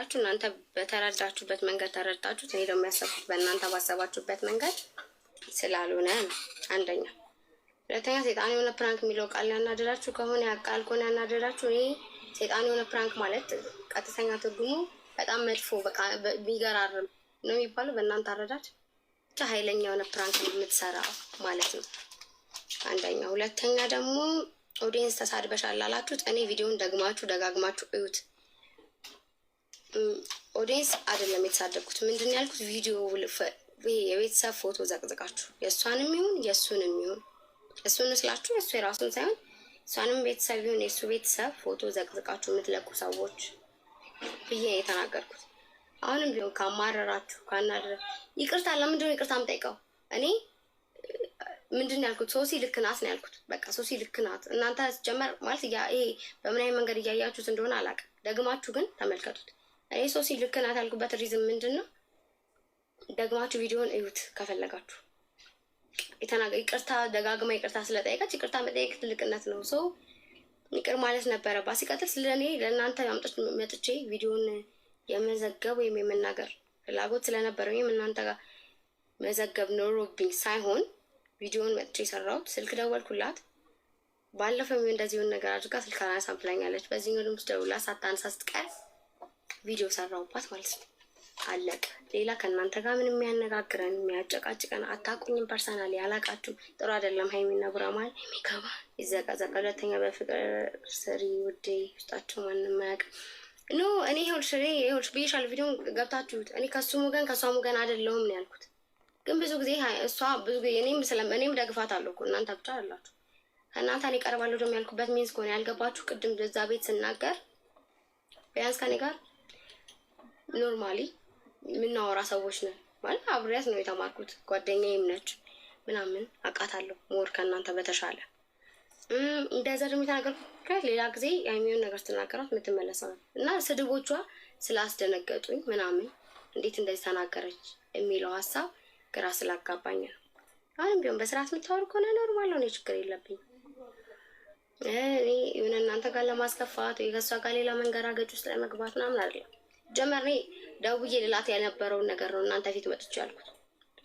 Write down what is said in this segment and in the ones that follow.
ያችሁ እናንተ በተረዳችሁበት መንገድ ተረድታችሁት፣ እኔ ደግሞ ያሰብኩት በእናንተ ባሰባችሁበት መንገድ ስላልሆነ ነው። አንደኛ። ሁለተኛ ሴጣን የሆነ ፕራንክ የሚለው ቃል ያናደዳችሁ ከሆነ ያቃል ከሆነ ያናደዳችሁ፣ እኔ ሴጣን የሆነ ፕራንክ ማለት ቀጥተኛ ትርጉሙ በጣም መጥፎ ቢገራርም ነው የሚባለው። በእናንተ አረዳድ ብቻ ኃይለኛ የሆነ ፕራንክ የምትሰራው ማለት ነው። አንደኛ። ሁለተኛ ደግሞ ኦዲየንስ ተሳድበሻል ላላችሁት እኔ ቪዲዮን ደግማችሁ ደጋግማችሁ እዩት። ኦዲየንስ አይደለም የተሳደብኩት። ምንድን ነው ያልኩት? ቪዲዮ የቤተሰብ ፎቶ ዘቅዝቃችሁ የእሷንም ይሁን የእሱንም ይሁን እሱን ስላችሁ የእሱ የራሱን ሳይሆን እሷንም ቤተሰብ ይሁን የእሱ ቤተሰብ ፎቶ ዘቅዝቃችሁ የምትለቁ ሰዎች ብዬ የተናገርኩት። አሁንም ቢሆን ካማረራችሁ ካናደረ ይቅርታ። ለምንድን ነው ይቅርታ የምጠይቀው? እኔ ምንድን ነው ያልኩት? ሶሲ ልክ ናት ነው ያልኩት። በቃ ሶሲ ልክ ናት። እናንተ ጀመር ማለት ይሄ በምን አይነት መንገድ እያያችሁት እንደሆነ አላውቅም። ደግማችሁ ግን ተመልከቱት። እኔ ሶሲ ልክ ናት ያልኩበት ሪዝም ምንድን ነው? ደግማችሁ ቪዲዮን እዩት ከፈለጋችሁ። ይቅርታ ደጋግማ ይቅርታ ስለጠየቀች ይቅርታ መጠየቅ ትልቅነት ነው። ሰው ይቅር ማለት ነበረባት። ሲቀጥል ስለ ለእናንተ መጥቼ ቪዲዮን የመዘገብ ወይም የመናገር ፍላጎት ስለነበረ ወይም እናንተ ጋር መዘገብ ኖሮብኝ ሳይሆን ቪዲዮን መጥቼ የሰራሁት ስልክ ደወልኩላት። ባለፈው እንደዚሁን ነገር አድርጋ ስልክ አላነሳም ብላኛለች። በዚህኛው ድምፅ ደውላ ሳታነሳ ስትቀር ቪዲዮ ሰራውባት ማለት ነው። አለቀ። ሌላ ከእናንተ ጋር ምን የሚያነጋግረን የሚያጨቃጭቀን አታቁኝም። ፐርሰናል ያላቃችሁ ጥሩ አይደለም። ሀይሚና ቡራማል የሚገባ ይዘቀዘቀ። ሁለተኛ በፍቅር ስሪ ውዴ፣ ውስጣችሁ ማንም አያውቅም። ኖ እኔ ይኸውልሽ እኔ ይኸውልሽ ብዬሻል። ቪዲዮን ገብታችሁት እኔ ከሱም ወገን ከሷም ወገን አይደለሁም ነው ያልኩት። ግን ብዙ ጊዜ እሷ ብዙ ጊዜ እኔም ስለም እኔም ደግፋት አለሁ እኮ እናንተ ብቻ አላችሁ ከእናንተ እኔ ቀርባለሁ ደግሞ ያልኩበት ሚንስ ከሆነ ያልገባችሁ ቅድም እዛ ቤት ስናገር ቢያንስ ከኔ ጋር ኖርማሊ የምናወራ ሰዎች ነን ማለት አብሬያት ነው የተማርኩት። ጓደኛዬም ነች ምናምን አውቃታለሁ ሞር ከእናንተ በተሻለ እንደዛ ደግሞ የተናገርኩት ሌላ ጊዜ የሚሆን ነገር ስትናገራት የምትመለሰ ነው እና ስድቦቿ ስላስደነገጡኝ ምናምን እንዴት እንደዚህ ተናገረች የሚለው ሀሳብ ግራ ስላጋባኝ ነው። አሁንም ቢሆን በስርዓት የምታወሩ ከሆነ ኖርማል ሆነ ችግር የለብኝ እኔ የሆነ እናንተ ጋር ለማስከፋት ወይ ከእሷ ጋር ሌላ መንገራገጭ ውስጥ ለመግባት ምናምን አይደለም። ጀመር ደውዬ ልላት የነበረውን ነገር ነው እናንተ ፊት መጥቼ ያልኩት።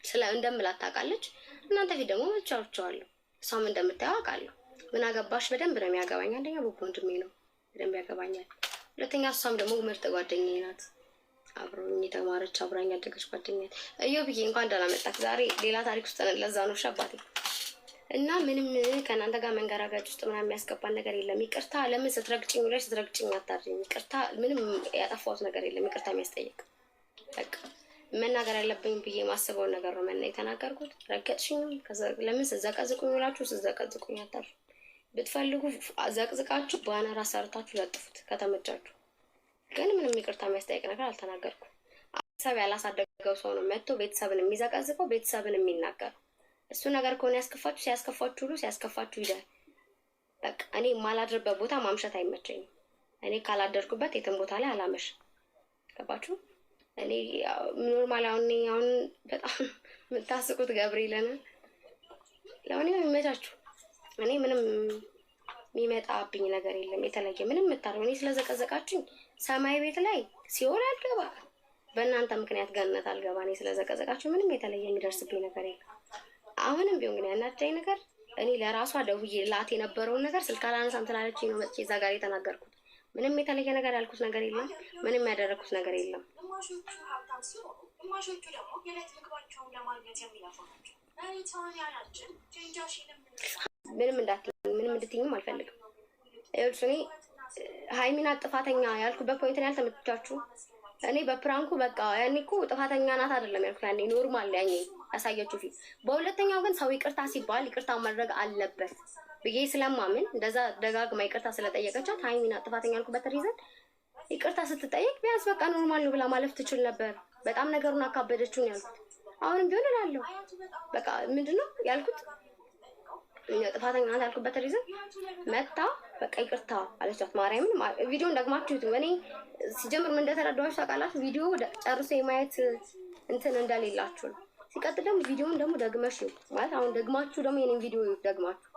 ስለ እንደምላት ታውቃለች። እናንተ ፊት ደግሞ መቻርቸዋለሁ። እሷም እንደምታየው አውቃለሁ። ምን አገባሽ? በደንብ ነው የሚያገባኝ። አንደኛ ቡቡ ወንድሜ ነው፣ በደንብ ያገባኛል። ሁለተኛ እሷም ደግሞ ምርጥ ጓደኛዬ ናት። አብሮኝ የተማረች አብራኝ ያደገች እዮ ብዬ እንኳን ደህና ዛሬ ሌላ ታሪክ ውስጥ ነን። ለዛ ነው ሻባቴ እና ምንም ከእናንተ ጋር መንገራጋጭ ውስጥ ምናምን የሚያስገባን ነገር የለም። ይቅርታ ለምን ስትረግጭኝ ላይ ስትረግጭኝ አታድርኝ። ይቅርታ ምንም ያጠፋሁት ነገር የለም። ይቅርታ የሚያስጠይቅ በቃ መናገር ያለብኝ ብዬ ማስበውን ነገር ነው መና የተናገርኩት። ረገጥሽኝ ለምን ስዘቀዝቁኝ ብላችሁ ስዘቀዝቁኝ አታድርኝ። ብትፈልጉ ዘቅዝቃችሁ ባነር አሰርታችሁ ለጥፉት ከተመቻችሁ። ግን ምንም ይቅርታ የሚያስጠይቅ ነገር አልተናገርኩም። ቤተሰብ ያላሳደገው ሰው ነው መጥቶ ቤተሰብን የሚዘቀዝቀው ቤተሰብን የሚናገረው እሱ ነገር ከሆነ ያስከፋችሁ ሲያስከፋችሁ ሁሉ ሲያስከፋችሁ ይላል። በቃ እኔ የማላድርበት ቦታ ማምሸት አይመቸኝም። እኔ ካላደርኩበት የትም ቦታ ላይ አላመሽ። ገባችሁ? እኔ ኖርማል አሁን አሁን በጣም የምታስቁት ገብርኤልን ለሆነ የሚመቻችሁ እኔ ምንም የሚመጣብኝ ነገር የለም። የተለየ ምንም የምታደርገው እኔ ስለዘቀዘቃችሁኝ ሰማይ ቤት ላይ ሲሆን አልገባ በእናንተ ምክንያት ገነት አልገባ። እኔ ስለዘቀዘቃችሁ ምንም የተለየ የሚደርስብኝ ነገር የለም። አሁንም ቢሆን ግን ያናደኝ ነገር እኔ ለራሷ ደውዬ ላት የነበረውን ነገር ስልክ አላነሳ እንትን ነው መጥቼ እዛ ጋር የተናገርኩት። ምንም የተለየ ነገር ያልኩት ነገር የለም። ምንም ያደረግኩት ነገር የለም። ምንም እንዳትለኝ ምንም እንድትይኝም አልፈልግም። ይኸውልሽ እኔ ሀይሚናት ጥፋተኛ ያልኩበት ፖይንትን ያልተመቻችሁ። እኔ በፕራንኩ በቃ ያኔ እኮ ጥፋተኛ ናት አይደለም ያልኩት ያኔ ኖርማል ያኘኝ ያሳየችው ፊት። በሁለተኛው ግን ሰው ይቅርታ ሲባል ይቅርታ ማድረግ አለበት ብዬ ስለማምን እንደዛ ደጋግማ ይቅርታ ስለጠየቀቻት ሀይሚና ጥፋተኛ ያልኩበት ሪዘን ይቅርታ ስትጠየቅ ቢያንስ በቃ ኖርማል ነው ብላ ማለፍ ትችል ነበር። በጣም ነገሩን አካበደችውን ያልኩት አሁንም ቢሆን እላለሁ። በቃ ምንድን ነው ያልኩት ጥፋተኛ ናት ያልኩበት ሪዝን መታ በቃ ይቅርታ አለቻት። ማርያምን ቪዲዮን ደግማችሁት እኔ ሲጀምር ምን እንደተረዳኋችሁ ታውቃላችሁ። ቪዲዮ ጨርሶ የማየት እንትን እንደሌላችሁ ነው። ሲቀጥል ደግሞ ቪዲዮውን ደግሞ ደግመሽ ማለት አሁን ደግማችሁ ደግሞ የኔን ቪዲዮ ደግማችሁ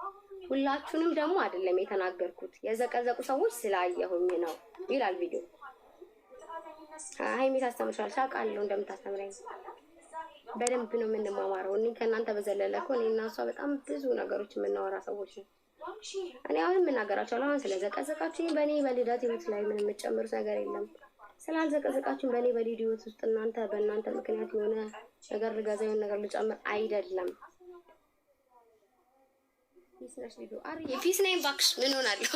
ሁላችሁንም ደግሞ አይደለም የተናገርኩት የዘቀዘቁ ሰዎች ስላየሁኝ ነው ይላል ቪዲዮ። ሀይሚ ታስተምርሻለሽ አውቃለሁ እንደምታስተምረኝ በደንብ ነው የምንማማረው። እኔ ከእናንተ በዘለለ እኮ እኔ እና እሷ በጣም ብዙ ነገሮች የምናወራ ሰዎች ነው። እኔ አሁን የምናገራቸው አሁን ስለዘቀዘቃችሁ በእኔ በልደት ህይወት ላይ ምን የምጨምሩት ነገር የለም። ስላልዘቀዘቃችሁ በእኔ በሊድ ውስጥ እናንተ በእናንተ ምክንያት የሆነ ነገር ልገዛ የሆነ ነገር ልጨምር አይደለም። ፊስ ነኝ እባክሽ። ምን ሆናለሁ?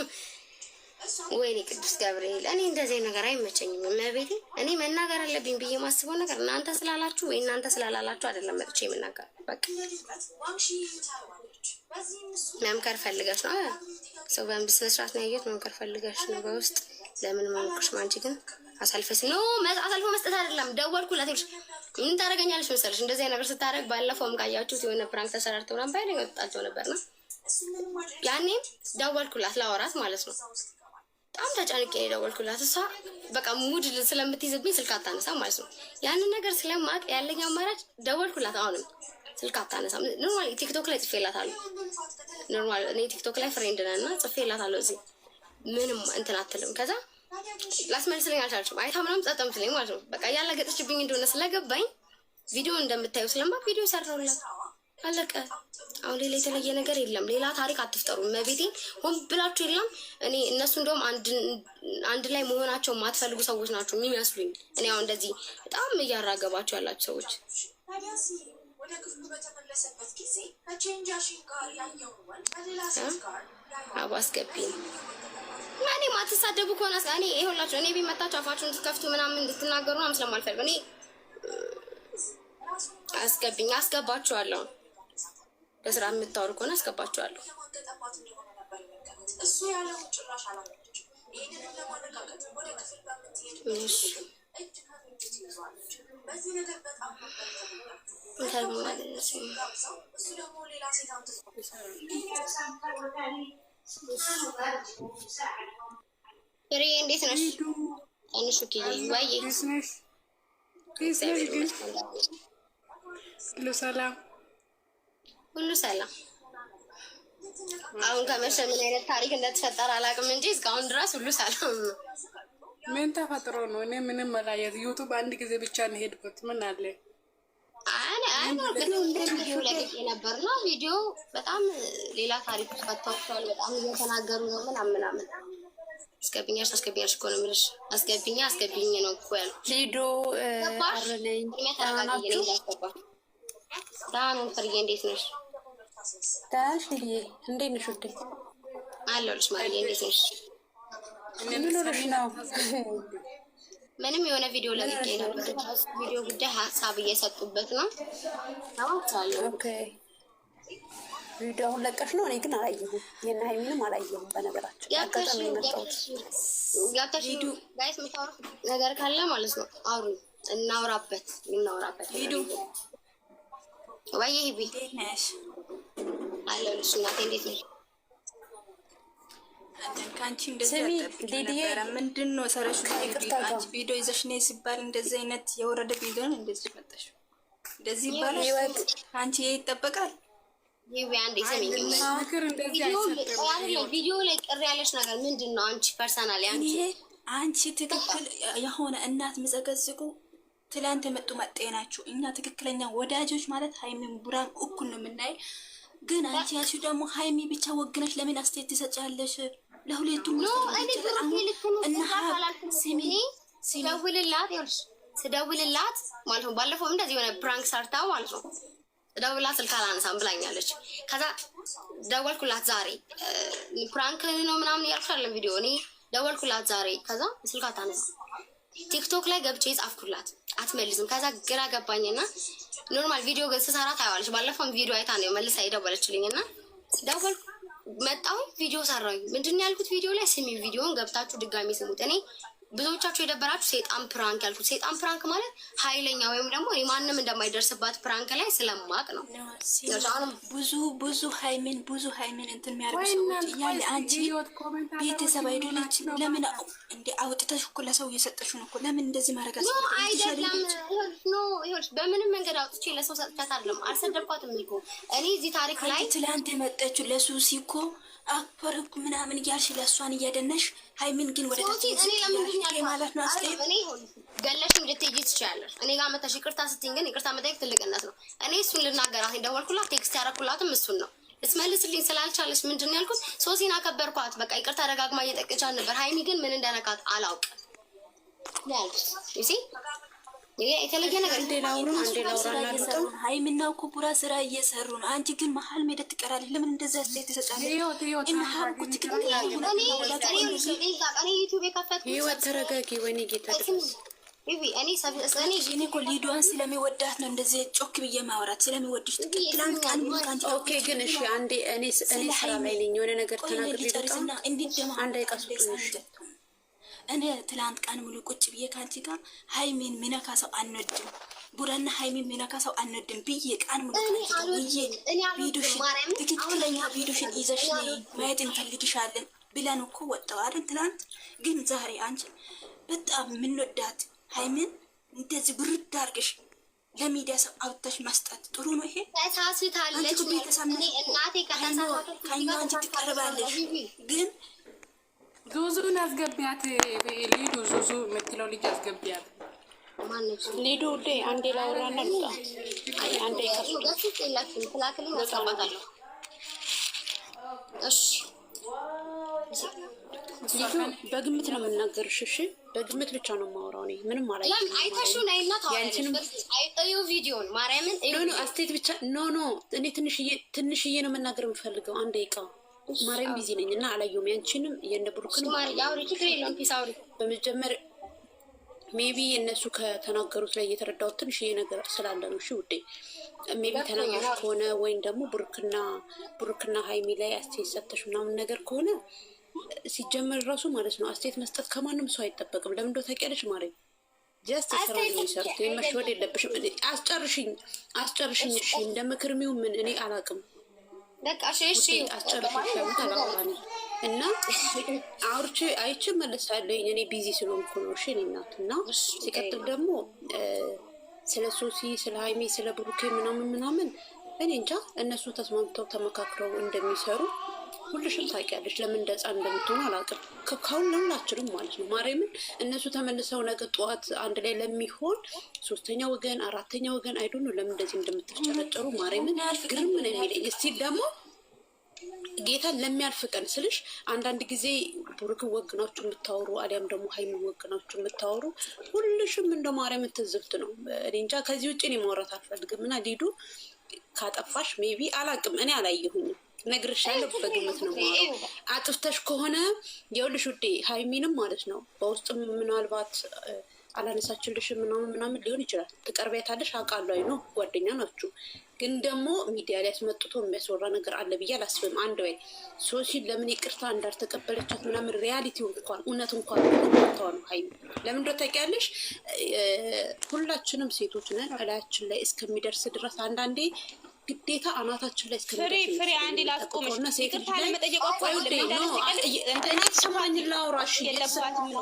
ወይኔ ቅዱስ ገብርኤል፣ እኔ እንደዚህ ነገር አይመቸኝም። መቤቴ እኔ መናገር አለብኝ ብዬ ማስበው ነገር እናንተ ስላላችሁ ወይ እናንተ ስላላላችሁ አይደለም። መጥቼ የምናገር በቃ መምከር ፈልገሽ ነው ሰው በምድ በስነስርዓት ነው ያየሁት። መምከር ፈልገሽ ነው በውስጥ ለምን መንኩሽ ማንቺ ግን አሳልፈስ ኖ አሳልፎ መስጠት አይደለም። ደወልኩ ይልሽ ምን ታደርገኛለሽ መሰለሽ? እንደዚህ ነገር ስታደርግ ባለፈውም ካያችሁት የሆነ ፕራንክ ተሰራርተው ነበር አይደል? ወጣቸው ነው ያኔ ደወልኩላት ላወራት ማለት ነው። በጣም ተጨንቄ የደወልኩላት እሷ በቃ ሙድ ስለምትይዝብኝ ስልክ አታነሳ ማለት ነው። ያንን ነገር ስለማቅ ያለኝ አማራጭ ደወልኩላት። አሁንም ስልክ አታነሳ። ኖርማል ቲክቶክ ላይ ጽፌላታለሁ። ኖርማል እኔ ቲክቶክ ላይ ፍሬንድ ነና ጽፌላታለሁ። እዚህ ምንም እንትን አትልም። ከዛ ላስመልስልኝ አልቻልችም። አይታ ምናምን ጸጥ የምትለኝ ማለት ነው። በቃ ያላገጠችብኝ እንደሆነ ስለገባኝ ቪዲዮ እንደምታዩ ስለማ ቪዲዮ ሰራውላት አለቀ። አሁን ሌላ የተለየ ነገር የለም። ሌላ ታሪክ አትፍጠሩ። መቤቴን ሆን ብላችሁ የለም። እኔ እነሱ እንደውም አንድ ላይ መሆናቸው የማትፈልጉ ሰዎች ናቸው የሚመስሉኝ። እኔ አሁን እንደዚህ በጣም እያራገባችሁ ያላችሁ ሰዎች ወደ ክፍሉ በተመለሰበት ጊዜ ከቼንጃሽን ጋር ያየውን ወንድ ከሌላ ሴት ጋር አባስገቢ እና እኔ ማትሳደቡ ከሆነ እኔ ይኸውላችሁ እኔ ቢመጣችሁ አፋችሁን ትከፍቱ ምናምን እንድትናገሩ ምናምን ስለማልፈልግ እኔ አስገብኝ አስገባችኋለሁ። በስራ የምታወሩ ከሆነ አስገባችኋለሁ። እሱ ፍሬ እንዴት ነሽ? አንሽ ኪዜ ወይ ሁሉ ሰላም ሁሉ ሰላም። አሁን ከመሸ ምን አይነት ታሪክ እንደተፈጠረ አላውቅም እንጂ እስካሁን ድረስ ሁሉ ሰላም ነው። ምን ተፈጥሮ ነው? እኔ ምንም መላየት ዩቱብ አንድ ጊዜ ብቻ ነው የሄድኩት። ምን አለ ነበር ነው ቪዲዮ በጣም ሌላ ታሪክ ውስጥ ከተውቷል። በጣም እየተናገሩ ነው ምናምን ምናምን አስገብኛሽ አስገብኛሽ እኮ ነው የምልሽ። አስገብኛ አስገብኝ ነው እኮ ያልኩት። ሊዶ ዳኑን ፍርዬ እንዴት ነሽ? ዳሽ ልዬ እንዴት ነሽ? ውዴ አለሁልሽ። ማርዬ እንዴት ነሽ? ምን ሆነሽ ነው? ምንም የሆነ ቪዲዮ ለቅቄ ነበር። ቪዲዮ ጉዳይ ሀሳብ እየሰጡበት ነው። ኦኬ ቪዲዮውን ለቀሽ ነው? እኔ ግን አላየሁም፣ የእነ ሀይሚንም አላየሁም። በነገራችን አጋጣሚ የመጣሁት ገብተሽ ጋይስ የምታወሩት ነገር ካለ ማለት ነው አውሩ፣ እናውራበት፣ እናውራበት ቪዲዮ ወይዬ ሂቢ አለሁልሽ እናቴ፣ እንዴት ነሽ? ምንድን ነው ሰረሹ? ቪዲዮ ይዘሽ ነይ ሲባል እንደዚህ አይነት የወረደ ቪዲዮ ነው እንደዚህ መጣሽ፣ እንደዚህ ይባላል። ከአንቺ ይሄ ይጠበቃል? ቪዲዮ ላይ ቅር ያለሽ ነገር ምንድን ነው? አንቺ ፐርሰናል አንቺ ትክክል የሆነ እናት ምጸገዝቁ ትላንት የመጡ መጤ ናችሁ። እኛ ትክክለኛ ወዳጆች ማለት ሀይሚን ቡራን እኩል ነው የምናየው። ግን አንቺ ያልሽው ደግሞ ሀይሚ ብቻ ወግነሽ ለምን አስተያየት ትሰጫለሽ? ስደውልላት ይኸውልሽ ስደውልላት ማለት ነው። ባለፈው እንደዚህ የሆነ ፕራንክ ሰርታ ማለት ነው ስደውልላት ስልክ አላነሳም ብላኛለች። ከዛ ደወልኩላት ዛሬ ፕራንክ ነው ምናምን ቪዲዮ እኔ ደወልኩላት ዛሬ። ከዛ ስልክ ቲክቶክ ላይ ገብቼ ጻፍኩላት አትመልስም። ከዛ ግራ ገባኝና ኖርማል ቪዲዮ ግን ስሰራ ታየዋለች። ባለፈው ቪዲዮ አይታ ነው መልሳ የደወለችልኝና ደወልኩ መጣሁኝ ቪዲዮ ሰራሁኝ። ምንድን ነው ያልኩት ቪዲዮ ላይ ስሚ፣ ቪዲዮን ገብታችሁ ድጋሚ ስሙት። እኔ ብዙዎቻችሁ የደበራችሁ ሴጣን ፕራንክ ያልኩት ሴጣን ፕራንክ ማለት ኃይለኛ ወይም ደግሞ ማንም እንደማይደርስባት ፕራንክ ላይ ስለማቅ ነው። ብዙ ብዙ ሀይሚን ብዙ ሀይሚን እንትን የሚያደርጉ ሰዎች እያለ አንቺ ቤተሰብ አይደለች ለምን እንደ አውጥተሽ እኮ ለሰው እየሰጠሽ ነው እኮ ለምን እንደዚህ ማድረግ አይደለም። በምንም መንገድ አውጥቼ ለሰው ሰጥቻት አለም አልሰደብኳትም። እኮ እኔ እዚህ ታሪክ ላይ ትላንት የመጠችው ለሱሲ እኮ አፈርኩ ምናምን እያልሽ ለእሷን እያደነሽ ሀይሚን ግን ወደ እኔ ለምንድን ገለሽም ልትሄጂ ትችያለሽ። እኔ ጋር መተሽ ይቅርታ ስትይኝ ግን ይቅርታ መጠየቅ ትልቅነት ነው። እኔ እሱን ልናገራት ደወልኩላት፣ ቴክስት ያደረኩላትም እሱን ነው እስመልስልኝ ስላልቻለች ምንድን ነው ያልኩት? ሶሲን አከበርኳት። በቃ ይቅርታ ደጋግማ እየጠቅቻት ነበር። ሀይሚ ግን ምን እንደነካት አላውቅም ያልኩት የተለየ ነገር ሀይሚና እኮ ስራ እየሰሩ ነው። አንቺ ግን መሀል ሜዳ ትቀራለች። ለምን እንደዛ አስተያየት ትሰጫለሽ? እኔ ስለሚወዳት ነው እንደዚህ ጮክ ብዬ ማውራት ስለሚወድሽ ግን እሺ፣ አንዴ እኔ ስራ የሆነ ነገር ተናግሬ እኔ ትላንት ቀን ሙሉ ቁጭ ብዬ ካንቺ ጋር ሀይሚን ሚነካ ሰው አንወድም፣ ቡረና ሀይሚን ሚነካ ሰው አንወድም ብዬ ቀን ሙሉ ትክክለኛ ቪዲዮሽን ይዘሽ ማየት እንፈልግሻለን ብለን እኮ ወጣው አይደል? ትላንት ግን ዛሬ አንቺ በጣም የምንወዳት ሀይሚን እንደዚህ ብርድ አድርገሽ ለሚዲያ ሰው አውጥተሽ መስጠት ጥሩ ነው። ይሄ ተሳስታለች። ቤተሰብ ከኛ አንቺ ትቀርባለሽ ግን ዙዙን አስገቢያት ሊዱ ዙዙ የምትለው ልጅ አስገቢያት። ሊዱ ውዴ አንዴ በግምት ነው የምናገርሽ። እሺ በግምት ብቻ ነው የማወራው እኔ ምንም አላ አይታሹ ናይና ታዋሪው ቪዲዮን ማርያምን አስቴት ብቻ ኖ ኖ እኔ ትንሽዬ ነው የምናገር የምፈልገው አንድ ደቂቃ ማርያም ቢዚ ነኝ እና አላየሁም። ያንቺንም የእነ ብሩክንም በመጀመር ሜቢ እነሱ ከተናገሩት ላይ እየተረዳሁት ትንሽ ነገር ስላለ ነው። እሺ ውዴ፣ ሜቢ ተናገሩ ከሆነ ወይም ደግሞ ብሩክና ብሩክና ሀይሚ ላይ አስተያየት ሰጥተሽ ምናምን ነገር ከሆነ ሲጀመር ራሱ ማለት ነው አስተያየት መስጠት ከማንም ሰው አይጠበቅም። ለምን እንደው ታውቂያለሽ ማርያም ጀስት ስራ የሚሰሩት መሸወድ የለብሽም። አስጨርሽኝ አስጨርሽኝ፣ እሺ እንደ ምክር ሚው ምን እኔ አላውቅም በቃ እሺ እና አውርቼ አይቼ እመለሳለሁ። እኔ ቢዚ ስለሆንኩ ነው። እሺ እናት እና ሲቀጥል ደግሞ ስለ ሶሲ፣ ስለ ሀይሜ፣ ስለ ብሩኬ ምናምን ምናምን እኔ እንጃ እነሱ ተስማምተው ተመካክረው እንደሚሰሩ ሁልሽም ታውቂያለሽ። ለምን እንደዛ እንደምትሆኑ አላውቅም። ከሁን ለሁላችንም ማለት ነው ማርያምን። እነሱ ተመልሰው ነገ ጠዋት አንድ ላይ ለሚሆን ሶስተኛ ወገን አራተኛ ወገን አይዶ ነው ለምን እንደዚህ እንደምትጨረጨሩ ማርያምን ግርም ነው የሚለኝ። እስቲ ደግሞ ጌታ ለሚያልፍ ቀን ስልሽ አንዳንድ ጊዜ ቡርክ ወግናችሁ የምታወሩ አሊያም ደግሞ ሀይሚ ወግናችሁ የምታወሩ ሁልሽም እንደ ማርያም ትዝብት ነው። እኔ እንጃ ከዚህ ውጭ እኔ ማውራት አልፈልግም እና ሊዱ ካጠፋሽ ሜቢ አላቅም፣ እኔ አላየሁኝም። ነግርሻለሁ፣ በግምት ነው አጥፍተሽ ከሆነ የውልሽ ውዴ ሀይሚንም ማለት ነው በውስጥም ምናልባት አላነሳችልሽ ምናምን ምናምን ሊሆን ይችላል። ትቀርቢያታለሽ፣ አውቃለሁ። ነው ጓደኛ ናችሁ ግን ደግሞ ሚዲያ ላይ አስመጥቶ የሚያስወራ ነገር አለ ብዬ አላስብም። አንድ ወይ ሶሲ ለምን ይቅርታ እንዳልተቀበለቻት ምናምን ሪያሊቲ እንኳን እውነት እንኳን ተዋ ነው ሀይ ለምን ደ ታውቂያለሽ፣ ሁላችንም ሴቶች ነን። እላያችን ላይ እስከሚደርስ ድረስ አንዳንዴ ግዴታ አናታችን ላይ እስከሚደርስፍሬ አንድ ላስቆምሽና ሴቶች ላይ የተሰማኝን ላውራሽ የተሰማኝን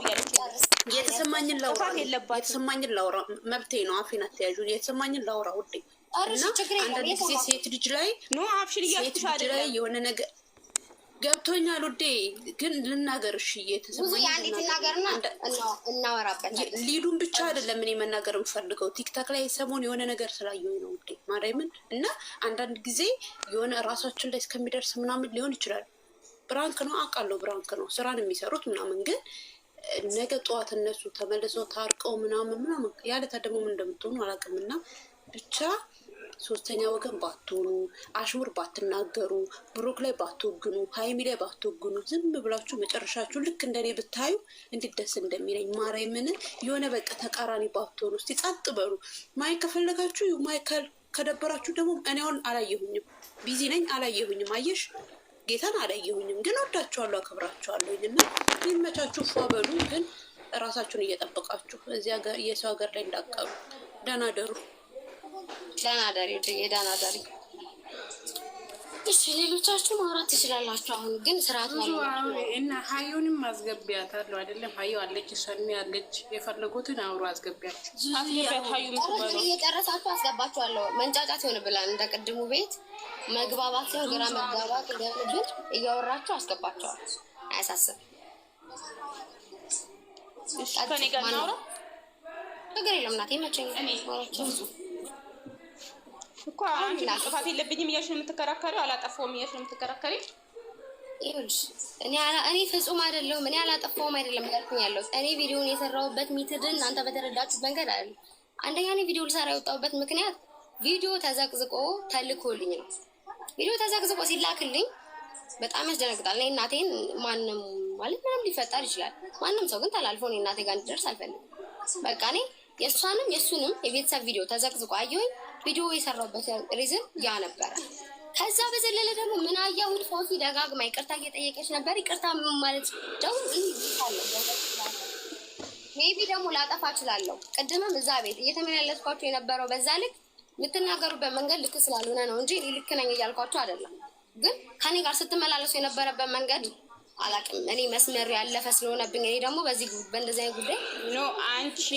ላውራ የተሰማኝን ላውራ መብቴ ነው። አፌን አትያዡ። የተሰማኝን ላውራ ውዴ አንዳንድ ጊዜ ሴት ልጅ ላይ ላይ የሆነ ነገር ገብቶኛል ውዴ፣ ግን ልናገር። እሺ ሊዱን ብቻ አይደለም እኔ መናገር የምፈልገው ቲክታክ ላይ ሰሞን የሆነ ነገር ስላየሁኝ ነው ውዴ ማርያምን። እና አንዳንድ ጊዜ የሆነ ራሳችን ላይ እስከሚደርስ ምናምን ሊሆን ይችላል። ብራንክ ነው አውቃለሁ፣ ብራንክ ነው ስራን የሚሰሩት ምናምን። ግን ነገ ጠዋት እነሱ ተመልሰው ታርቀው ምናምን ምናምን ያለታ ደግሞ ምን እንደምትሆኑ ብቻ ሶስተኛ ወገን ባትሆኑ፣ አሽሙር ባትናገሩ፣ ብሩክ ላይ ባትወግኑ፣ ሀይሚ ላይ ባትወግኑ፣ ዝም ብላችሁ መጨረሻችሁ ልክ እንደኔ ብታዩ እንዴት ደስ እንደሚለኝ ማርያምን። የሆነ በቃ ተቃራኒ ባትሆኑ፣ እስቲ ጸጥ በሉ። ማየት ከፈለጋችሁ ማየት ከደበራችሁ ደግሞ እኔውን አላየሁኝም፣ ቢዚ ነኝ አላየሁኝም። አየሽ ጌታን አላየሁኝም፣ ግን ወዳችኋለሁ፣ አከብራችኋለሁ እና ይመቻችሁ፣ ፏ በሉ ግን እራሳችሁን እየጠበቃችሁ እዚህ የሰው ሀገር ላይ እንዳቀሩ ደህና ደሩ። ደህና ደሪ ደህና ደሪ። እሺ ሌሎቻችሁ ማውራት ትችላላችሁ። አሁን ግን ስርዓት እና ሀዩንም አስገቢያታለሁ። አይደለም ሀዩ አለች፣ ሰሚ አለች። የፈለጉትን አውሩ፣ አስገቢያችሁ። እየጨረሳችሁ አስገባችኋለሁ። መንጫጫት ይሆን ብላል እንደ ቅድሙ ቤት መግባባት ሲሆን ግራ መግባባት እንደምንብል እያወራችሁ አስገባችኋል። አያሳስብ። ጋር ችግር የለም እናቴ መቸኝ እኮ አንቺ ጥፋት የለብኝም እያልሽ ነው የምትከራከሪው። አላጠፋሁም እያልሽ ነው የምትከራከሪ። እኔ ፍጹም አይደለሁም እኔ አላጠፋሁም አይደለም ያልኩኝ ያለሁት እኔ ቪዲዮውን የሰራሁበት ሜትድ እናንተ በተረዳችሁት መንገድ አይደለም። አንደኛ እኔ ቪዲዮ ልሰራ የወጣሁበት ምክንያት ቪዲዮ ተዘቅዝቆ ተልኮልኝ ነው። ቪዲዮ ተዘቅዝቆ ሲላክልኝ በጣም ያስደነግጣል። እኔ እናቴን ማንም ማለት ምንም ሊፈጠር ይችላል። ማንም ሰው ግን ተላልፎ እኔ እናቴ ጋር እንድደርስ አልፈልግም። በቃ እኔ የእሷንም የእሱንም የቤተሰብ ቪዲዮ ተዘቅዝቆ አየሁኝ። ቪዲዮ የሰራሁበት ሪዝን ያ ነበረ። ከዛ በዘለለ ደግሞ ምን አያሁት ፎሲ ደጋግማ ይቅርታ እየጠየቀች ነበር። ይቅርታ ማለት ደግሞ ሜቢ ደግሞ ላጠፋ እችላለሁ። ቅድምም እዛ ቤት እየተመላለስኳቸው የነበረው በዛ ልክ የምትናገሩበት መንገድ ልክ ስላልሆነ ነው እንጂ ልክ ነኝ እያልኳቸው አይደለም። ግን ከኔ ጋር ስትመላለሱ የነበረበት መንገድ አላቅም እኔ መስመር ያለፈ ስለሆነብኝ፣ እኔ ደግሞ በዚህ በእንደዚህ አይነት ጉዳይ ኖ አንቺ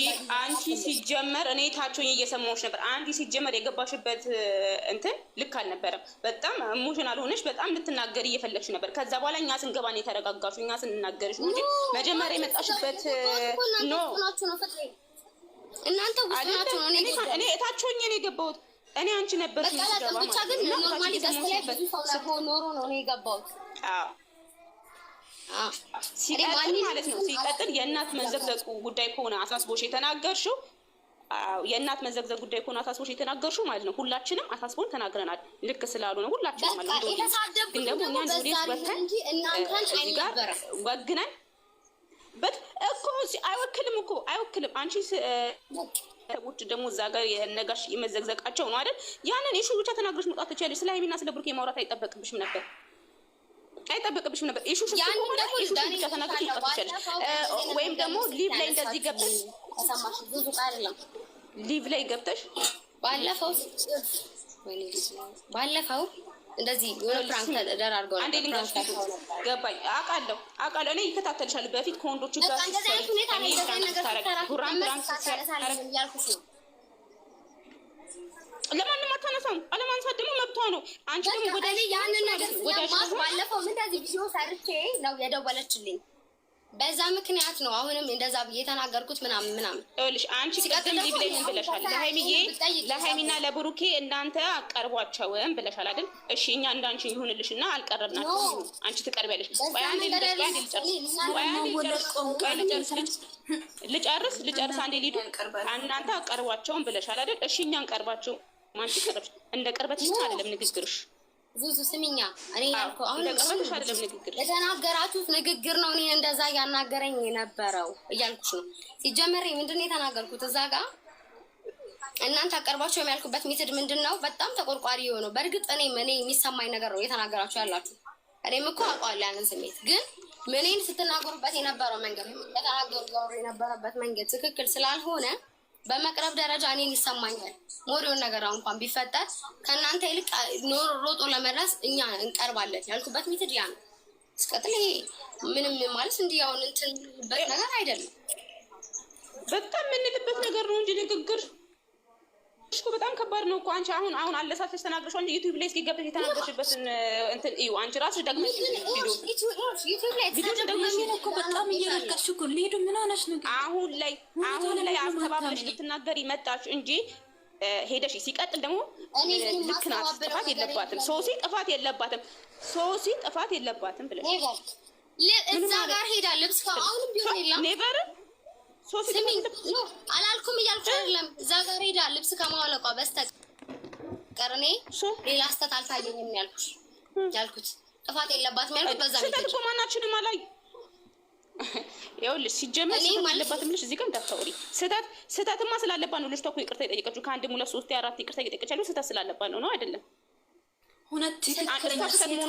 አንቺ ሲጀመር እኔ ታቸውኝ እየሰማዎች ነበር። አንቺ ሲጀመር የገባሽበት እንትን ልክ አልነበረም። በጣም ኢሞሽናል ሆነሽ በጣም ልትናገር እየፈለግሽ ነበር። ከዛ በኋላ እኛ ስንገባ ነው የተረጋጋሽው፣ እኛ ስንናገርሽ እንጂ መጀመሪያ የመጣሽበት ኖ እናንተ ውስጥ ናቸው። እኔ እታቸውኝ ነው የገባሁት እኔ አንቺ ነበር ብቻ ግን ኖርማሊ ላይ ኖሮ ነው እኔ የገባሁት ሲቀጥል ማለት ነው ሲቀጥል የእናት መዘግዘቁ ጉዳይ ከሆነ አሳስቦሽ የተናገርሽው የእናት መዘግዘግ ጉዳይ ከሆነ አሳስቦሽ የተናገርሽው ማለት ነው። ሁላችንም አሳስቦን ተናግረናል። ልክ ስላሉ ነው ሁላችንም ማለት ነው። ግን ደግሞ እኛን ዙዴት በተን እዚህ ጋር ወግነን በት እኮ አይወክልም እኮ አይወክልም። አንቺ ሰዎች ደግሞ እዛ ጋር የነጋሽ የመዘግዘቃቸው ነው አይደል? ያንን ኢሹ ብቻ ተናግረሽ መውጣት ትችላለሽ። ስለ ሀይሚና ስለ ብሩክ የማውራት አይጠበቅብሽም ነበር። አይጠበቅብሽም ነበር። ኢሹ ወይም ደግሞ ሊቭ ላይ እንደዚህ ገብተሽ ሊቭ ላይ ገብተሽ ባለፈው ባለፈው እንደዚህ የሆነ ፕራንክ ተደራርገው አንዴ ልንገርሽ፣ ገባኝ። አውቃለሁ አውቃለሁ፣ እኔ በፊት ከወንዶቹ ጋር ለማንም አታነሳም። አለማንሳት ደግሞ መብቷ ነው። አንቺ ደግሞ ወደ እኔ ያንን ነገር ስለማት ባለፈው እንደዚህ ቪዲዮ ሰርቼ ነው የደወለችልኝ። በዛ ምክንያት ነው አሁንም እንደዛ ብዬ የተናገርኩት ምናምን ምናምን። ይኸውልሽ አንቺ ቀደም ሊብ ላይ ምን ብለሻል? ለሀይሚዬ ለሀይሚና ለብሩኬ እናንተ አቀርቧቸውም ብለሻል አይደል? እሺ እኛ እንዳንቺ ይሁንልሽ እና አልቀረብናቸውም። አንቺ ትቀርቢያለሽ። ቆይ አንዴ ልጨርስ ልጨርስ አንዴ ሊዱ እናንተ አቀርቧቸውም ብለሻል አይደል? እሺ እኛ እንቀርባቸው ማንቺ ቅርብሽ እንደ ቅርበትሽ አይደለም ንግግርሽ። ዙዙ ስሚኛ፣ እኔ ያልኩ አሁን ቅርበትሽ አይደለም ንግግር፣ የተናገራችሁት ንግግር ነው። እኔ እንደዛ እያናገረኝ የነበረው እያልኩሽ ነው። ሲጀመር ምንድን ነው የተናገርኩት እዛ ጋር እናንተ አቀርባችሁ የሚያልኩበት ሜትድ ምንድን ነው? በጣም ተቆርቋሪ የሆነው በእርግጥ እኔ እኔ የሚሰማኝ ነገር ነው የተናገራችሁ ያላችሁ። እኔም እኮ አውቀዋለሁ ያንን ስሜት፣ ግን ምንን ስትናገሩበት የነበረው መንገድ የተናገሩ የነበረበት መንገድ ትክክል ስላልሆነ በመቅረብ ደረጃ እኔን ይሰማኛል። ሞሪውን ነገር እንኳን ቢፈጠር ከእናንተ ይልቅ ኖሮ ሮጦ ለመድረስ እኛ እንቀርባለን ያልኩበት ሚትድ ያ ነው። እስቀጥል ይሄ ምንም ማለት እንዲህ አሁን እንትንበት ነገር አይደለም። በጣም የምንልበት ነገር ነው እንጂ ንግግር እኮ በጣም ከባድ ነው እኮ አንቺ አሁን አሁን አለሳተሽ ተናግረሽ አንቺ ዩቲዩብ ላይ እስኪ ገብተሽ የተናገርሽበትን እንትን እዩ። አንቺ ራስሽ ደግመሽ በጣም እየረቀሽ እኮ ምን ሆነሽ ነው? አሁን ላይ አሁን ላይ አስተባብለሽ ልትናገሪ መጣች እንጂ ሄደሽ ሲቀጥል ደግሞ ልክ ናት፣ ጥፋት የለባትም ሶሲ፣ ጥፋት የለባትም ሶሲ፣ ጥፋት የለባትም ብለሽ እዛ ጋር ሄዳ ልብስ አሁንም ቢሆን የለም ኔቨር ስሚ አላልኩም እያልኩ አይደለም። እዛ ጋር ሄዳ ልብስ ከማውለቋ በስተቀር እኔ ሌላ ስተት አልታየኝም ያልኩሽ ያልኩት ጥፋት የለባትም ያልኩት በዛ ስህተት እኮ ማናችንም አላይ ይኸውልሽ ሲጀመር ስህተት አለባትም ልሽ እዚህ ጋር እንዳታወሪ። ስህተት ስህተትማ ስላለባት ነው ልጅቷ እኮ ይቅርታ የጠየቀችው። ከአንድ ሁለት ሶስት አራት ይቅርታ እየጠየቀች ያለው ስህተት ስላለባት ነው ነው አይደለም? ጀመር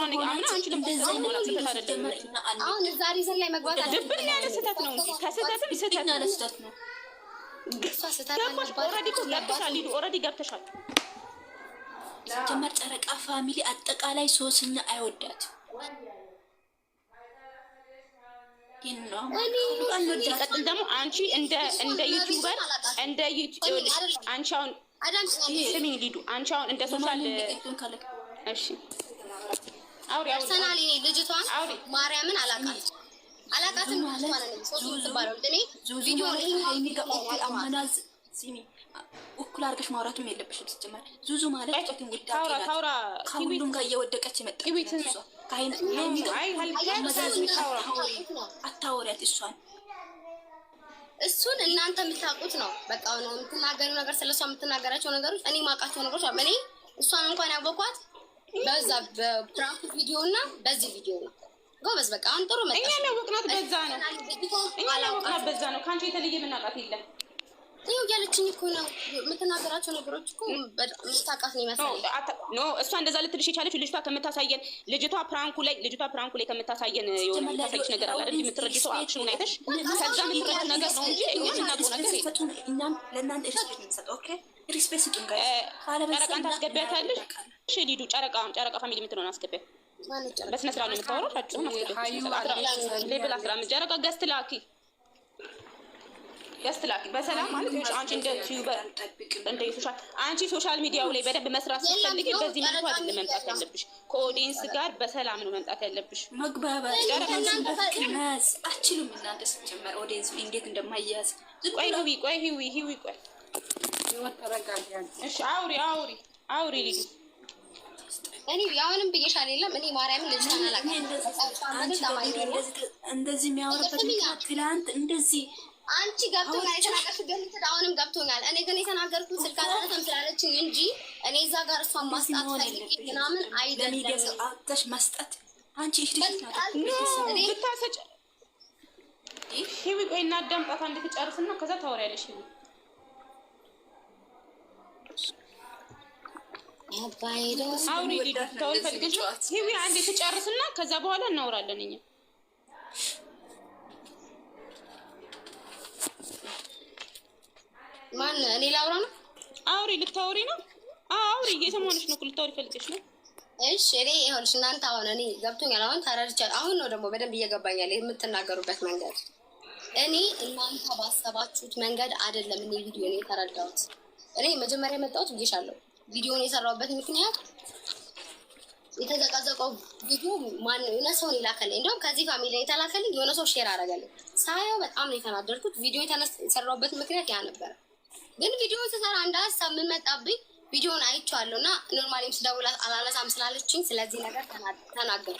ጨረቃ ፋሚሊ አጠቃላይ ሶስና አይወዳት ይቀጥል ደግሞ አንቺ እንደ ዩቲዩበር እንደ ዩቲዩብ አንቺ አሁን ስሚኝ ሊዱ አንቺ አሁን እንደ ሶሻል እሺ አውሪ አውሪ ልጅቷን ማርያምን አላቃት አላቃትም እኩል አድርገሽ ማውራቱም የለብሽም። ስትጀመር ዙዙ ማለት ከሁሉም ጋር እየወደቀች የመጣች አታወሪያት እሷን እሱን እናንተ የምታውቁት ነው። በቃ ነው የምትናገሪው ነገር ስለሷ የምትናገራቸው ነገሮች እኔ ማውቃቸው ነገሮች በእኔ እሷን እንኳን ያወኳት በዛ በፕራንክ ቪዲዮ እና በዚህ ቪዲዮ ነው። ጎበዝ በቃ አሁን ጥሩ መጣሽ። እኛም ያወቅናት በዛ ነው። እኛም ያወቅናት በዛ ነው። ከአንቺ የተለየ ምናውቃት የለም። ይኸው እያለችኝ እኮ ነው የተናገራቸው ነገሮች እኮ ምስታቃት ነው ይመስላል። እሷ እንደዛ ልትልሽ የቻለች ልጅቷ ከምታሳየን ልጅቷ ፕራንኩ ላይ ልጅቷ ፕራንኩ ላይ ከምታሳየን የሆነ ነገር አለ እንጂ የምትረጅ አክሽኑን አይተሽ ከዛ የምትረጅ ነገር ነው እንጂ እኛ የምናውቀው ነገር እኛም ለእናንተ ሪስፔክት የምንሰጠው ኦኬ ጨረቃን ታስገቢያታለሽ። ሊዱ ጨረቃ ጨረቃ ፋሚሊ የምትለውን አስገቢያ በስነስርዓት ነው የምታወራው። ሌብል አስራ አምስት ጨረቃ ገዝት ላኪ ያስላክ በሰላም ማለት ነው። አንቺ እንደ ዩቲዩበር እንደ ሶሻል አንቺ ሶሻል ሚዲያው ላይ በደንብ መስራት ስትፈልጊ በዚህ መልኩ አይደለም መምጣት ያለብሽ። ከኦዲየንስ ጋር በሰላም ነው መምጣት ያለብሽ። መግባባት ጋር ጋርናስ አችሉም እናንተ ስትጀመር ኦዲየንስ እንዴት እንደማያዝ ቆይ ሂዊ ቆይ ሂዊ ሂዊ ቆይ እሺ፣ አውሪ አውሪ አውሪ ልጅ እኔ አሁንም ብዬሻል የለም እኔ ማርያምን ልጅ ታናላቅ እንደዚህ የሚያወራበት ትላንት እንደዚህ አንቺ ገብቶኛል፣ የተናገርሽበት እንትን አሁንም ገብቶኛል። እኔ ግን የተናገርኩት ስልክ አላነሳም ስላለችኝ እንጂ እኔ እዛ ጋር እሷን ማስጣት ፈልጌ ምናምን አይደለም። አውጥተሽ መስጠት አንቺ ብታሰጭ ሂዊ፣ ቆይና አዳምጣት አንዴ ትጨርስና ከዛ ታወሪያለሽ። ሂዊ አውሪ፣ ተውን ፈልግሽ። ሂዊ አንዴ ትጨርስና ከዛ በኋላ እናወራለን እኛ ማን እኔ ላውራ ነው? አውሪ። ልታውሪ ነው? አውሪ። እየሰማሁሽ ነው። ልታውሪ ፈልገሽ ነው? እሺ እኔ ይኸውልሽ፣ እናንተ አሁን እኔ ገብቶኛል። አሁን ተረድቻለሁ። አሁን ነው ደግሞ በደንብ እየገባኛል የምትናገሩበት መንገድ። እኔ እናንተ ባሰባችሁት መንገድ አይደለም እኔ ቪዲዮ ነው የተረዳሁት። እኔ መጀመሪያ የመጣሁት ብዬሻለሁ። ቪዲዮን የሰራሁበት ምክንያት የተዘቀዘቀው ቪዲዮ ማን የሆነ ሰው ላከልኝ፣ እንዲሁም ከዚህ ፋሚሊ የተላከልኝ የሆነ ሰው ሼር አረገልኝ። ሳየው በጣም ነው የተናደድኩት። ቪዲዮ የሰራሁበት ምክንያት ያ ነበረ። ግን ቪዲዮ ስሰራ እንደ ሀሳብ የምመጣብኝ ቪዲዮን አይቼዋለሁ እና ኖርማሊም ስደውላት አላነሳም ስላለችኝ ስለዚህ ነገር ተናገሩ።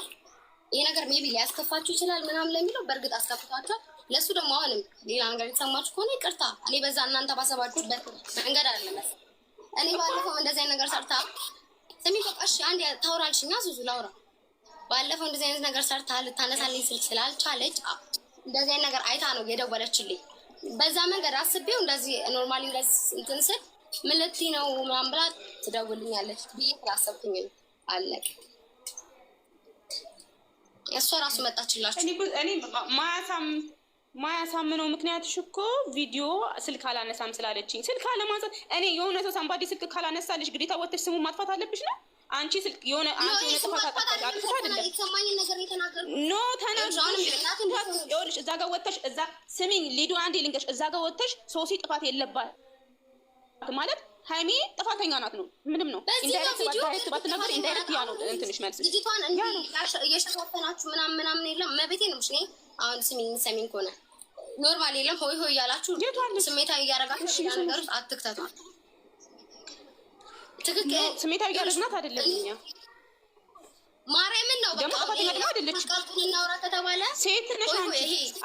ይሄ ነገር ሜቢ ሊያስከፋችሁ ይችላል ምናምን ለሚለው በእርግጥ አስከፍቷቸዋል። ለእሱ ደግሞ አሁንም ሌላ ነገር የተሰማችሁ ከሆነ ይቅርታ። እኔ በዛ እናንተ ባሰባችሁበት መንገድ አለመስ እኔ ባለፈው እንደዚህ አይነት ነገር ሰርታ ስሚ በቃሽ አንድ ታውራልሽኛ ሱዙ ላውራ ባለፈው እንደዚህ አይነት ነገር ሰርታ ልታነሳልኝ ስል ስላልቻለች እንደዚህ አይነት ነገር አይታ ነው የደወለችልኝ። በዛ መንገድ አስቤው እንደዚህ ኖርማሊ እንደዚህ እንትን ስል ምን ልትይ ነው ምናምን ብላ ትደውልኛለች ብዬ አሰብኩኝ። አለቅ እሷ ራሱ መጣችላችሁ። እኔ ማያሳምነው ምክንያትሽ እኮ ቪዲዮ ስልክ አላነሳም ስላለችኝ ስልክ አለማንሳት እኔ የሆነ ሰው ሳምባዲ ስልክ ካላነሳለች ግዴታ ወተሽ ስሙ ማጥፋት አለብሽ ነው አንቺ ስልክ የሆነ አንቺ የሆነ ጥፋት አጥፍተሽ አይደለም። ኖ ተናግረሽ እዛ ጋር ወጥተሽ እዛ ስሚኝ፣ ሊዱ አንዴ ልንገርሽ፣ እዛ ጋር ወጥተሽ ሶሲ ጥፋት የለባትም ማለት ሀይሚ ጥፋተኛ ናት ነው ምንም ነው ኢንዳይሬክት ነገር ኢንዳይሬክት ያ ነው እንትንሽ መልስ ልጅቷን እየሸፋፈናችሁ ምናምን ምናምን የለም መቤቴ ነው ሽ አሁን ስሚኝ፣ ሰሚኝ ከሆነ ኖርማል የለም ሆይ ሆይ እያላችሁ ስሜታ እያረጋችሁ ነገር አትክተቷል። ትክክል ስሜታዊ ያደረግናት አይደለም። እኛ ማርያምን ነው ደግሞ ፈተና ደግሞ አይደለች። እናውራ ከተባለ ሴት ነሽ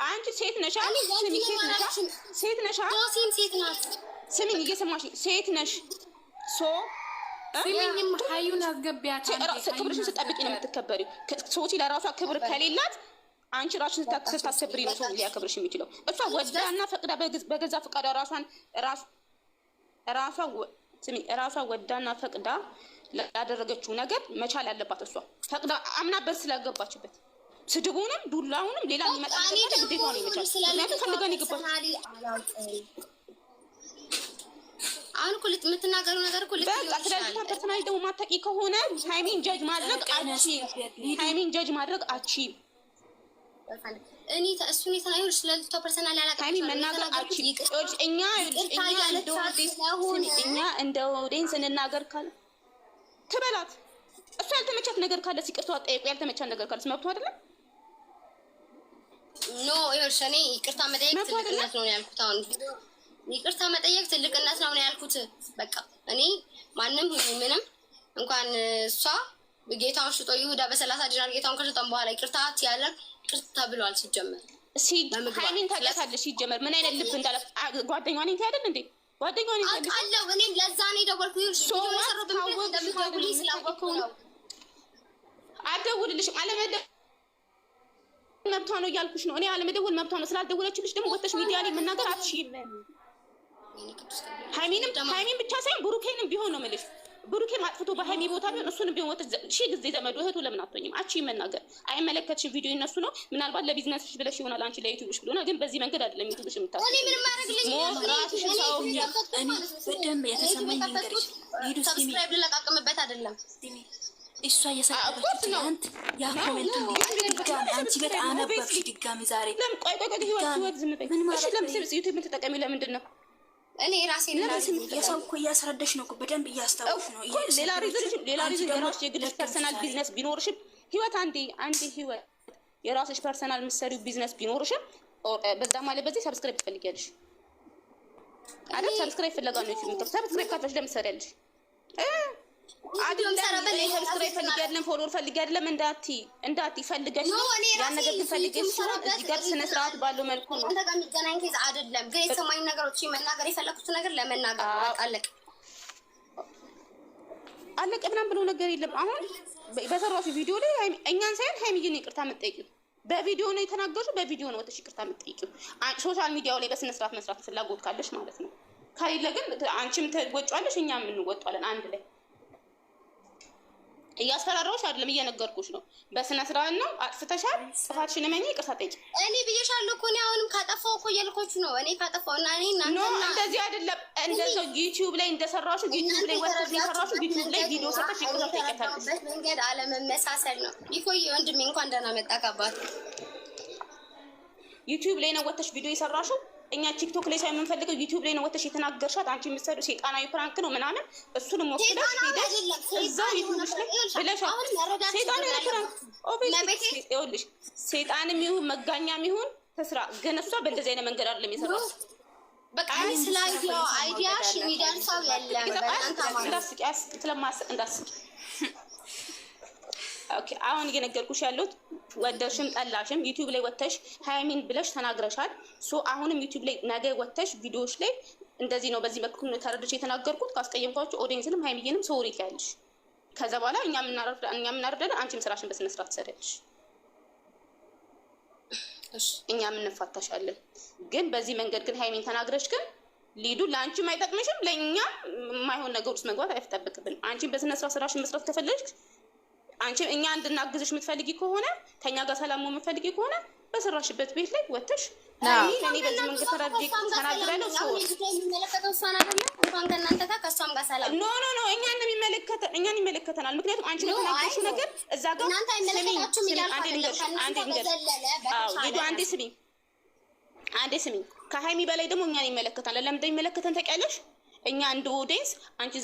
አንቺ ሴት ነሽ ስሚ፣ ሴት ነሽ ሴት ነሽ ሴም ሴት ናት። ስሚኝ እየሰማሽ ሴት ነሽ ሶ ስሚኝም ሀዩን አስገቢያት። ክብርሽን ስጠብቂ ነው የምትከበሪው። ሶሲ ለራሷ ክብር ከሌላት አንቺ ራሱን ስታስከብሪ ነው ሰው ሊያከብርሽ የሚችለው። እሷ ወዳና ፈቅዳ በገዛ ፈቃዷ ራሷን ራሷ ስሚ እራሷ ወዳና ፈቅዳ ያደረገችው ነገር መቻል ያለባት እሷ ፈቅዳ አምናበት ስለገባችበት ስድቡንም ዱላውንም ሌላ የሚመጣ ነገር ግዴታ ነው ይመቻል። ምክንያቱም ፈልገን ይገባል። አሁን እኮ የምትናገረው ነገር እኮ ልክ በቃ ስለዚህ ፐርሰናሊ ደግሞ ማታውቂ ከሆነ ሃይሚን ጃጅ ማድረግ አቺ ሃይሚን ጀጅ ማድረግ አቺ እኔ እሱን የተናዩ ስለልጅቷ ፐርሰናል ያላቃሚ መናገር አችልጭ እኛ እኛ እንደ ወዴን ስንናገር ካለ ትበላት። እሱ ያልተመቻት ነገር ካለ ይቅርታ ጠይቁ። ያልተመቻት ነገር ካለ መብቱ አይደለም። ኖ ይኸውልሽ፣ እኔ ይቅርታ መጠየቅ ትልቅነት ነው ያልኩት። አሁን ይቅርታ መጠየቅ ትልቅነት ነው ያልኩት። በቃ እኔ ማንም ምንም እንኳን እሷ ጌታውን ሽጦ ይሁዳ በሰላሳ ዲናር ጌታውን ከሸጠን በኋላ ይቅርታ ያለን ቅርታ ብለዋል። ሲጀመር ሀይሚን ታውቃታለሽ። ሲጀመር ምን አይነት ልብ እንዳለ ጓደኛ ነኝ ትያለሽ እንዴ? ጓደኛ ነኝ አውቃለሁ። እኔ ለዛ ነው የደወልኩት። አልደውልልሽም አለመደ- መብቷ ነው እያልኩሽ ነው እኔ። አለመደወል መብቷ ነው። ስላልደወለችልሽ ደግሞ ወተሽ ሚዲያ ላይ መናገር አትሽይም። ሀይሚንም ሀይሚን ብቻ ሳይሆን ብሩኬንም ቢሆን ነው የምልሽ ብሩኬም አጥፍቶ በሀይሚ ቦታ ቢሆን እሱንም ቢሆን ሺህ ጊዜ ዘመዱ እህቱ ለምን አትሆኝም? አቺ መናገር አይመለከትሽም። ቪዲዮ ይነሱ ነው ምናልባት ለቢዝነስሽ ብለሽ ይሆናል፣ አንቺ ለዩቲዩብሽ ብሎ ግን በዚህ መንገድ አይደለም ዩቲዩብሽ የምታስበው። በደንብ የተሰማኝ ነገር ሰብስክራይብ ልለቃቅምበት አይደለም እሷ እየሰራበት ትናንት ያ ለምን ዩቲዩብ የምትጠቀሚው ለምንድን ነው? እኔ ራሴ የሰውኮ እያስረዳሽ ነው በደንብ እያስታወቅሽ ነው። ሌላ ሪዝን ሌላ ሪዝን የራስሽ የግልሽ ፐርሰናል ቢዝነስ ቢኖርሽም ህይወት አንዴ አንዴ ህይወት የራስሽ ፐርሰናል ምሰሪው ቢዝነስ ቢኖርሽም በዛ ማለት በዚህ ሰብስክራይብ ትፈልጊያለሽ አይደል? ሰብስክራይብ ፍለጋ ነው ዩቲዩብ ሰብስክራይብ ካፈሽ ለምትሰሪያለሽ አዲም ሰራበል ሰብስክራይብ ፈልጌ አይደለም ፎሎወር ፈልጌ አይደለም እንዳቲ እንዳቲ ፈልገሽ ነው ያን ነገር ትፈልገሽ ነው። እዚህ ጋር ስነ ስርዓት ባለው መልኩ ነው አንተ ጋር የሚገናኝ ኬዝ አይደለም። ግን የተሰማኝ ነገሮች መናገር የፈለኩት ነገር ለመናገር አለቅ አለቀ ምናምን ብሎ ነገር የለም። አሁን በሰራሽ ቪዲዮ ላይ እኛን ሳይሆን ሀይሚዬን ይቅርታ የምትጠይቂው በቪዲዮ ነው የተናገርሽው። በቪዲዮ ነው ወጥሽ ይቅርታ የምትጠይቂው። ሶሻል ሚዲያው ላይ በስነ ስርዓት መስራት ፍላጎት ካለሽ ማለት ነው። ከሌለ ግን አንቺም ትወጫለሽ፣ እኛም እንወጣለን አንድ ላይ እያስፈራራሁሽ አይደለም፣ እየነገርኩሽ ነው። በስነ ስርዓት ነው። አጥፍተሻል፣ ጥፋትሽን እመኚ፣ ይቅርታ ጠይቂ። እኔ ብዬሻለሁ እኮ እኔ አሁንም ካጠፋው እኮ እየልኮች ነው። እኔ ካጠፋው እና እኔ እናንተ እንደዚህ አይደለም። እንደዛው ዩቲዩብ ላይ እንደሰራሽው ዩቲዩብ ላይ ወጥተሽ የሰራሽው ዩቲዩብ ላይ ቪዲዮ ሰጠሽ፣ ይቅርታ ጠይቂያታለሽ። መንገድ አለመመሳሰል ነው። ይቆይ ወንድሜ፣ እንኳን ደህና መጣ። ካባቱ ዩቲዩብ ላይ ነው ወጥተሽ ቪዲዮ የሰራሽው እኛ ቲክቶክ ላይ ሳይሆን የምንፈልገው ዩቲዩብ ላይ ነው ወተሽ የተናገርሻት አንቺ የምትሰሪው ሴጣናዊ ፕራንክ ነው ምናምን እሱን ወክለሽ ሴጣን ይኸውልሽ፣ ሴጣንም ይሁን መጋኛም ይሁን ተስራ ግን እሷ በእንደዚህ አይነት መንገድ አይደለም የሰራው። በቃ ስላየው አይዲያሽ የሚደርሰው ስለማስቅ እንዳስቅ አሁን እየነገርኩሽ ያለሁት ወደሽም ጠላሽም ዩቲዩብ ላይ ወተሽ ሀያሚን ብለሽ ተናግረሻል። ሶ አሁንም ዩቲዩብ ላይ ነገ ወተሽ ቪዲዮዎች ላይ እንደዚህ ነው በዚህ መልኩ ተረድቼ የተናገርኩት ካስቀየምኳቸው ኦዲየንስንም ሀይሚዬንም ሰውሪ ትያለሽ። ከዛ በኋላ እኛ የምናረዳለን፣ አንቺም ስራሽን በስነስርዓት ትሰሪያለሽ፣ እኛም እንፋታሻለን። ግን በዚህ መንገድ ግን ሀይሚን ተናግረሽ ግን ሊዱ ለአንቺም አይጠቅምሽም፣ ለእኛም የማይሆን ነገር ውስጥ መግባት አይጠበቅብን። አንቺን በስነስራት ስራሽን መስራት ከፈለግሽ አንቺም እኛ እንድናግዝሽ የምትፈልጊ ከሆነ ከኛ ጋር ሰላም የምትፈልጊ ከሆነ በሰራሽበት ቤት ላይ ወጥተሽ ይመለከተናል። ምክንያቱም አንቺ ነገር እዛ ጋር አንዴ አንዴ ከሀይሚ በላይ ደግሞ እኛን ይመለከተናል። ለምን እንደሚመለከተን ታውቂያለሽ? እኛ እንደ ኦዲየንስ አንቺ